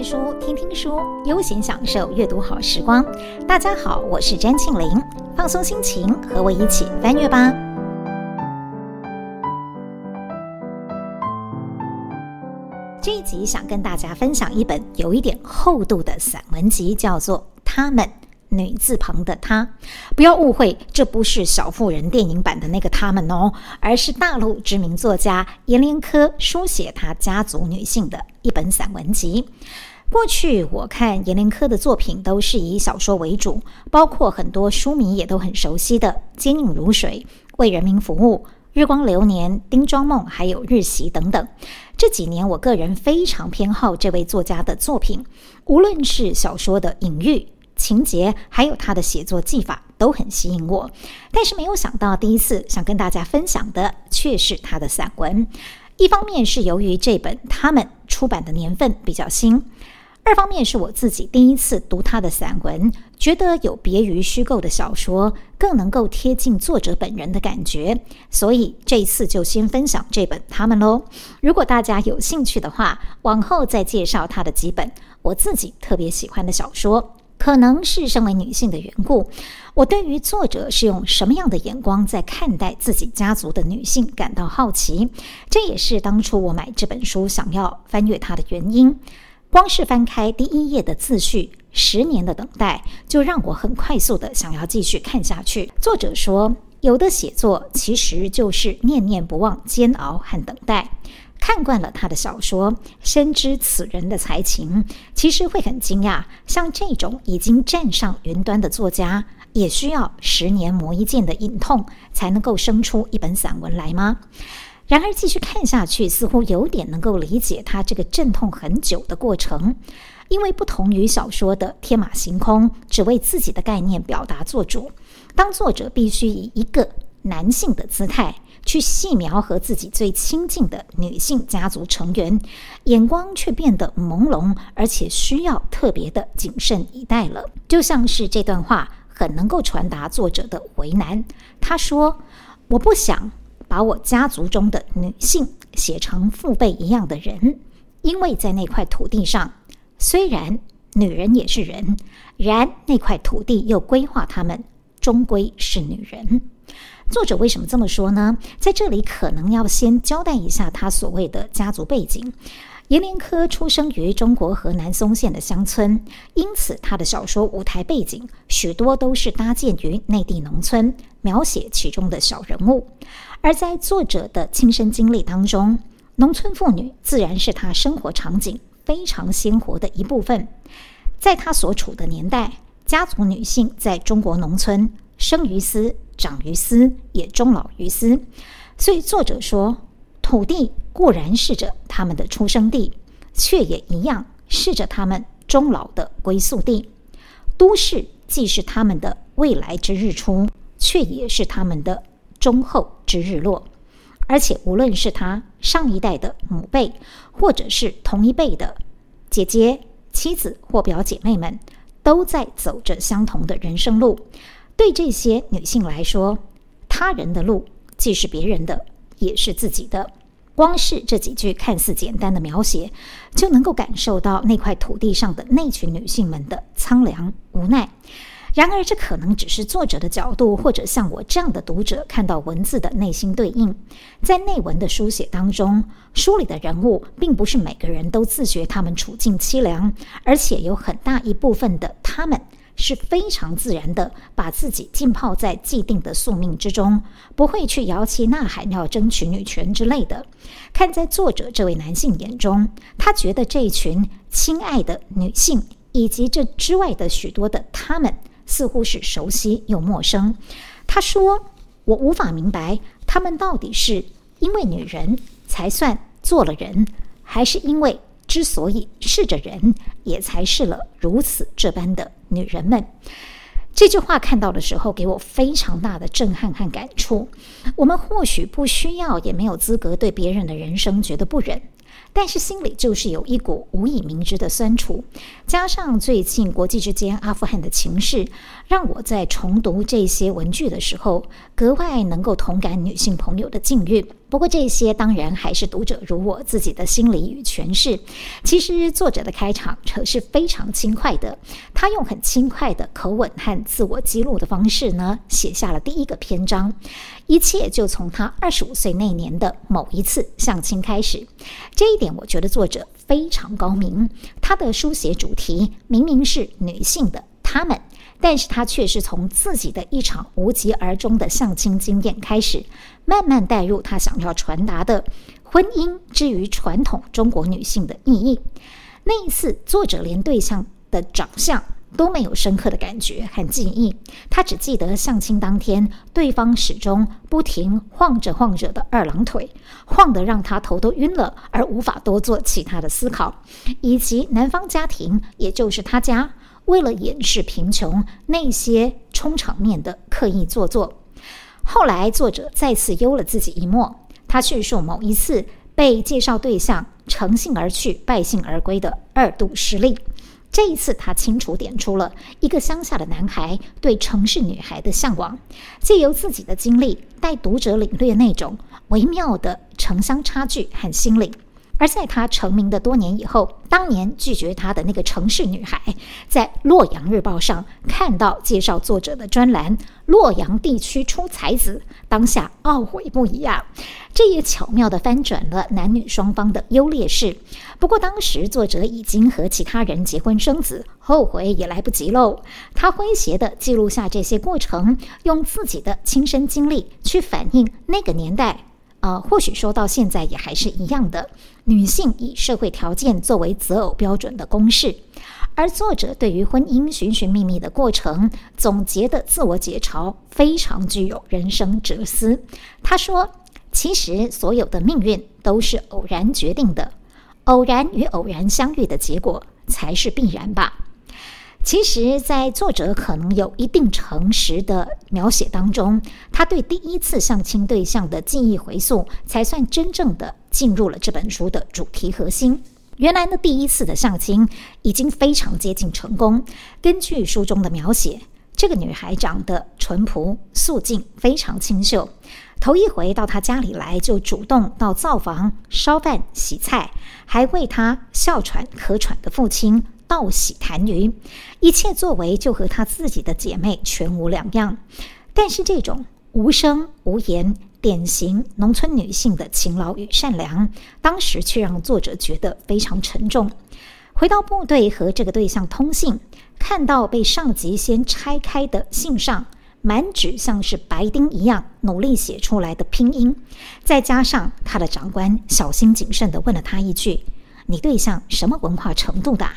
看書、聽聽書，悠閒享受閱讀好時光。大家好，我是詹慶林，放鬆心情，和我一起翻閱吧。這一集想跟大家分享一本有一點厚度的散文集，叫做《她們》。女字旁的她，不要誤會，這不是《小婦人》電影版的那個她們哦，而是大陸知名作家閻連科書寫他家族女性的一本散文集。過去我看閻連科的作品都是以小說為主，包括很多書迷也都很熟悉的《堅硬如水》《為人民服務》《日光流年》《丁莊夢》還有《日熄》等等。這幾年，我個人非常偏好這位作家的作品，無論是小說的隱喻。情節還有他的寫作技法都很吸引我，但是沒有想到第一次想跟大家分享的卻是他的散文。一方面是由於這本他們出版的年份比較新，二方面是我自己第一次讀他的散文，覺得有別於虛構的小說，更能夠貼近作者本人的感覺。所以這一次就先分享這本他們嘍。如果大家有興趣的話，往後再介紹他的幾本我自己特別喜歡的小說。可能是身為女性的緣故，我對於作者是用什麼樣的眼光在看待自己家族的女性感到好奇。這也是當初我買這本書想要翻閱它的原因。光是翻開第一頁的自序，十年的等待就讓我很快速地想要繼續看下去。作者說，有的寫作其實就是念念不忘、煎熬和等待。看慣了他的小說，深知此人的才情，其實會很驚訝，像這種已經站上雲端的作家，也需要十年磨一劍的隱痛，才能夠生出一本散文來嗎？然而繼續看下去，似乎有點能夠理解他這個陣痛很久的過程，因為不同於小說的天馬行空，只為自己的概念表達做主，當作者必須以一個男性的姿態，去細描和自己最親近的女性家族成員，眼光卻變得朦朧，而且需要特別的謹慎以待了。就像是這段話很能夠傳達作者的為難。他說：“我不想把我家族中的女性寫成父輩一樣的人，因為在那塊土地上，雖然女人也是人，然那塊土地又規劃她們，終歸是女人。”作者為什麼這麼說呢？在這裡可能要先交代一下他所謂的家族背景。閻連科出生於中國河南嵩縣的鄉村，因此他的小說舞台背景許多都是搭建於內地農村，描寫其中的小人物。而在作者的親身經歷當中，農村婦女自然是他生活場景非常鮮活的一部分。在他所處的年代，家族女性在中國農村生於斯。長於斯，也終老於斯。所以作者說，土地固然是着他們的出生地，卻也一樣是着他們終老的歸宿地。都市既是他們的未來之日出，卻也是他們的終後之日落。而且，無論是他上一代的母輩，或者是同一輩的姐姐、妻子或表姐妹們，都在走着相同的人生路。對這些女性來說，他人的路既是別人的，也是自己的。光是這幾句看似簡單的描寫，就能夠感受到那塊土地上的那群女性們的蒼涼無奈。然而，這可能只是作者的角度，或者像我這樣的讀者看到文字的內心對應。在內文的書寫當中，書裡的人物並不是每個人都自覺他們處境淒涼，而且有很大一部分的他們。是非常自然的，把自己浸泡在既定的宿命之中，不會去搖旗吶喊要爭取女權之類的。看在作者這位男性眼中，他覺得這一群親愛的女性以及這之外的許多的她們，似乎是熟悉又陌生。他說：“我無法明白，她們到底是因為女人才算做了人，還是因為之所以是着人。”也才是了如此這般的女人們，這句話看到的時候，給我非常大的震撼和感觸。我們或許不需要，也沒有資格對別人的人生覺得不忍，但是心裡就是有一股無以名之的酸楚。加上最近國際之間阿富汗的情勢，讓我在重讀這些文句的時候，格外能夠同感女性朋友的境遇。不過這些當然還是讀者如我自己的心理與詮釋。其實作者的開場可是非常輕快的，他用很輕快的口吻和自我記錄的方式呢，寫下了第一個篇章。一切就從他二十五歲那年的某一次相親開始。這一點我覺得作者非常高明。他的書寫主題明明是女性的“她們”，但是他卻是從自己的一場無疾而終的相親經驗開始。慢慢帶入他想要傳達的婚姻之於傳統中國女性的意義。那一次，作者連對象的長相都沒有深刻的感覺和記憶，他只記得相親當天對方始終不停晃着晃着的二郎腿，晃得讓他頭都暈了，而無法多做其他的思考，以及男方家庭，也就是他家，為了掩飾貧窮，那些充場面的刻意做作。後來，作者再次幽了自己一默。他敘述某一次被介紹對象乘興而去、敗興而歸的二度實例。這一次，他清楚點出了一個鄉下的男孩對城市女孩的向往，借由自己的經歷，帶讀者領略那種微妙的城鄉差距和心理。而在他成名的多年以後，當年拒絕他的那個城市女孩，在《洛陽日報》上看到介紹作者的專欄《洛陽地區出才子》，當下懊悔不已啊！這也巧妙地翻轉了男女雙方的優劣勢。不過當時作者已經和其他人結婚生子，後悔也來不及嘍。他詼諧地記錄下這些過程，用自己的親身經歷去反映那個年代，呃，或許說到現在也還是一樣的。女性以社會條件，作為擇偶標準的公式，而作者對於婚姻尋尋覓覓的過程總結的自我解嘲非常具有人生哲思。他說：“其實所有的命運都是偶然決定的，偶然與偶然相遇的結果才是必然吧。”其實，在作者可能有一定誠實的描寫當中，他對第一次相親對象的記憶回溯，才算真正的進入了這本書的主題核心。原來呢，第一次的相親已經非常接近成功。根據書中的描寫，這個女孩長得淳樸、素靜，非常清秀。頭一回到她家裡來，就主動到灶房燒飯、洗菜，還為她哮喘、咳喘的父親。道喜談云，一切作為就和她自己的姐妹全無兩樣。但是這種無聲無言、典型農村女性的勤勞與善良，當時卻讓作者覺得非常沉重。回到部隊和這個對象通信，看到被上級先拆開的信上滿紙像是白丁一樣努力寫出來的拼音，再加上他的長官小心謹慎地問了他一句：“你對象什麼文化程度的啊？”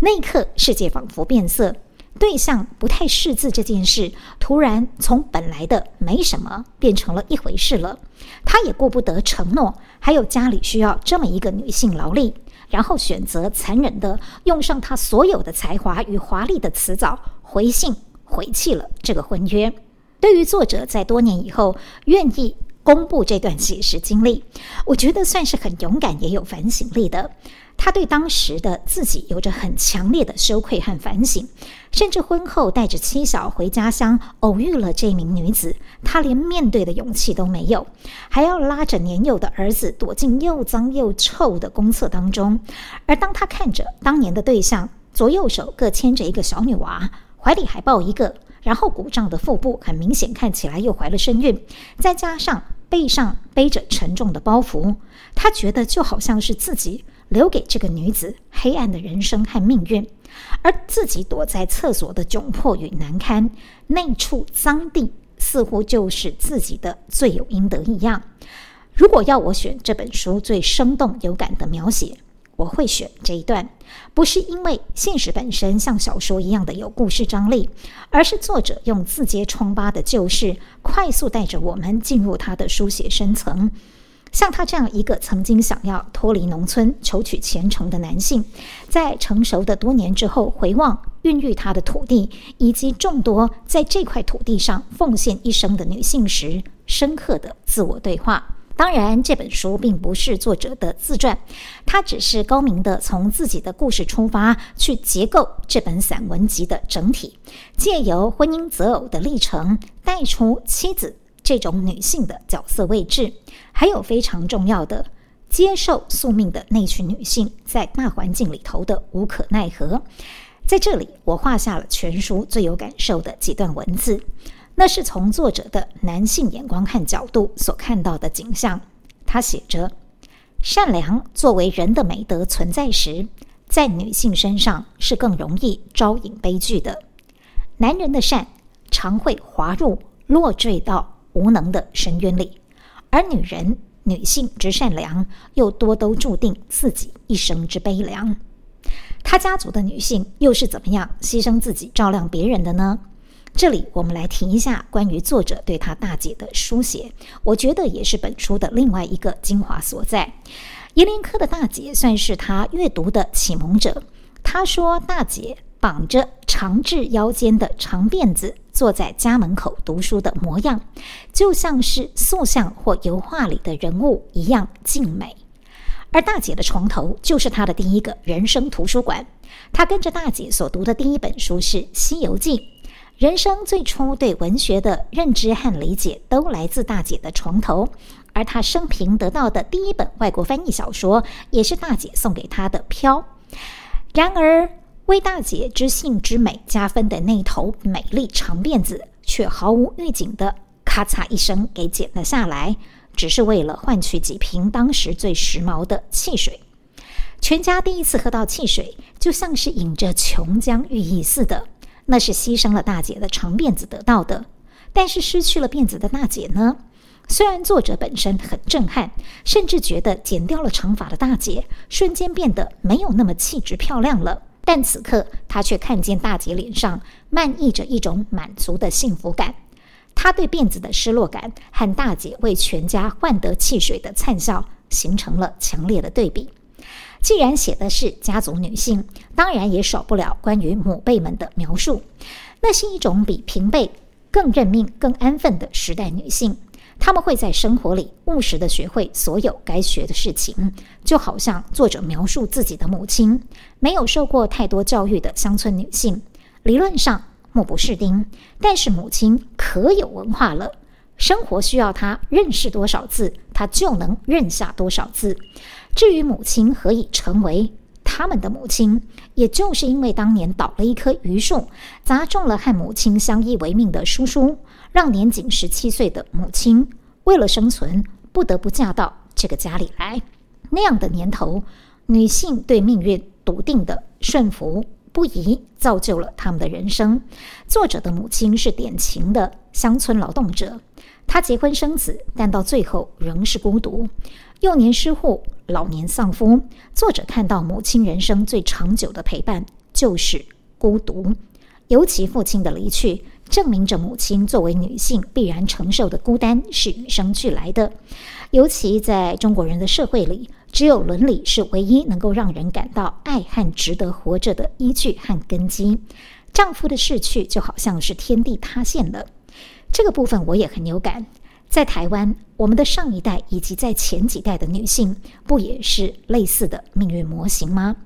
那一刻，世界仿佛變色。對象不太識字這件事，突然從本來的沒什麼變成了一回事了。他也顧不得承諾，還有家裡需要這麼一個女性勞力，然後選擇殘忍地用上他所有的才華與華，與華麗的辭藻回信回棄了這個婚約。對於作者在多年以後願意公布這段寫實經歷，我覺得算是很勇敢，也有反省力的。他對當時的自己有着很強烈的羞愧和反省，甚至婚後帶着妻小回家鄉，偶遇了這名女子，他連面對的勇氣都沒有，還要拉着年幼的兒子躲進又髒又臭的公廁當中。而當他看着當年的對象，左右手各牽着一個小女娃，懷裡還抱一個，然後鼓脹的腹部很明顯看起來又懷了身孕，再加上背上背着沉重的包袱，他覺得就好像是自己。留給這個女子黑暗的人生和命運，而自己躲在廁所的窘迫與難堪，那處髒地似乎就是自己的罪有應得一樣。如果要我選這本書最生動有感的描寫，我會選這一段，不是因為現實本身像小說一樣的有故事張力，而是作者用自揭瘡疤的舊事，快速帶着我們進入他的書寫深層。像他這樣一個曾經想要脫離農村、求取前程的男性，在成熟的多年之後回望孕育他的土地以及眾多在這塊土地上奉獻一生的女性時，深刻的自我對話。當然，這本書並不是作者的自傳，他只是高明的從自己的故事出發，去結構這本散文集的整體，借由婚姻擇偶的歷程帶出妻子。這種女性的角色位置，還有非常重要的接受宿命的那群女性，在大環境裡頭的無可奈何。在這裡，我畫下了全書最有感受的幾段文字，那是從作者的男性眼光和角度所看到的景象。他寫着：“善良作為人的美德存在時，在女性身上是更容易招引悲劇的。男人的善常會滑入落墜道。”無能的深淵裡，而女人、女性之善良，又多都注定自己一生之悲涼。她家族的女性又是怎麼樣犧牲自己照亮別人的呢？這裡我們來提一下，關於作者對她大姐的書寫，我覺得也是本書的另外一個精華所在。閻連科的大姐算是她閱讀的啟蒙者。她說，大姐綁着長至腰間的長辮子。坐在家門口讀書的模樣，就像是塑像或油畫裡的人物一樣靜美。而大姐的床頭就是她的第一個人生圖書館。她跟着大姐所讀的第一本書是《西遊記》，人生最初對文學的認知和理解都來自大姐的床頭。而她生平得到的第一本外國翻譯小說，也是大姐送給她的飄。然而。為大姐知性之美加分的那頭美麗長辮子，卻毫無預警的咔嚓一聲給剪了下來，只是為了換取幾瓶當時最時髦的汽水。全家第一次喝到汽水，就像是飲着瓊漿玉液似的。那是犧牲了大姐的長辮子得到的。但是失去了辮子的大姐呢？雖然作者本身很震撼，甚至覺得剪掉了長髮的大姐瞬間變得沒有那麼氣質漂亮了。但此刻，他卻看見大姐臉上漫溢着一種滿足的幸福感。他對辮子的失落感和大姐為全家換得汽水的燦笑形成了強烈的對比。既然寫的是家族女性，當然也少不了關於母輩們的描述。那是一種比平輩更認命、更安分的時代女性。他們會在生活裡務實地學會所有該學的事情，就好像作者描述自己的母親，沒有受過太多教育的鄉村女性，理論上目不識丁，但是母親可有文化了。生活需要她認識多少字，她就能認下多少字。至於母親何以成為他們的母親，也就是因為當年倒了一棵榆樹，砸中了和母親相依為命的叔叔。讓年僅十七歲的母親為了生存，不得不嫁到這個家裡來。那樣的年頭，女性對命運篤定的順服不疑造就了她們的人生。作者的母親是典型的鄉村勞動者，她結婚生子，但到最後仍是孤獨。幼年失怙，老年喪夫，作者看到母親人生最長久的陪伴就是孤獨，尤其父親的離去，證明着母親作為女性必然承受的孤單是與生俱來的，尤其在中國人的社會裡，只有倫理是唯一能夠讓人感到愛和值得活着的依據和根基。丈夫的逝去就好像是天地塌陷了。這個部分我也很有感，在台灣，我們的上一代以及在前幾代的女性，不也是類似的命運模型嗎？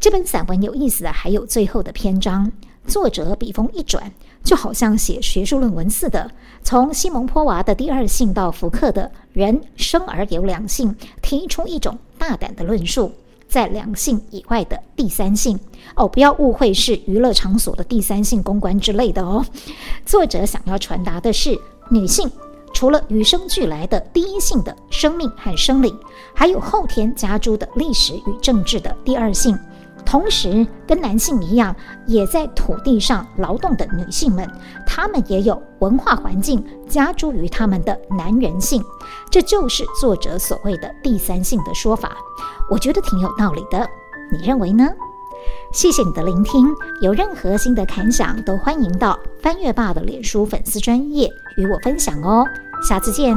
這本散文有意思的還有最後的篇章，作者筆鋒一轉。就好像寫學術論文似的，從西蒙波娃的第二性到福克的人生而有兩性，提出一種大膽的論述，在兩性以外的第三性。哦，不要誤會，是娛樂場所的第三性公關之類的哦。作者想要傳達的是，女性除了與生俱來的第一性的生命和生理，還有後天加諸的歷史與政治的第二性。同時，跟男性一樣，也在土地上勞動的女性們，她們也有文化環境加諸於她們的“男人性”，這就是作者所謂的“第三性”的說法。我覺得挺有道理的，你認為呢？謝謝你的聆聽，有任何新的感想都歡迎到翻閱 bar 的臉書粉絲專頁與我分享哦。下次見。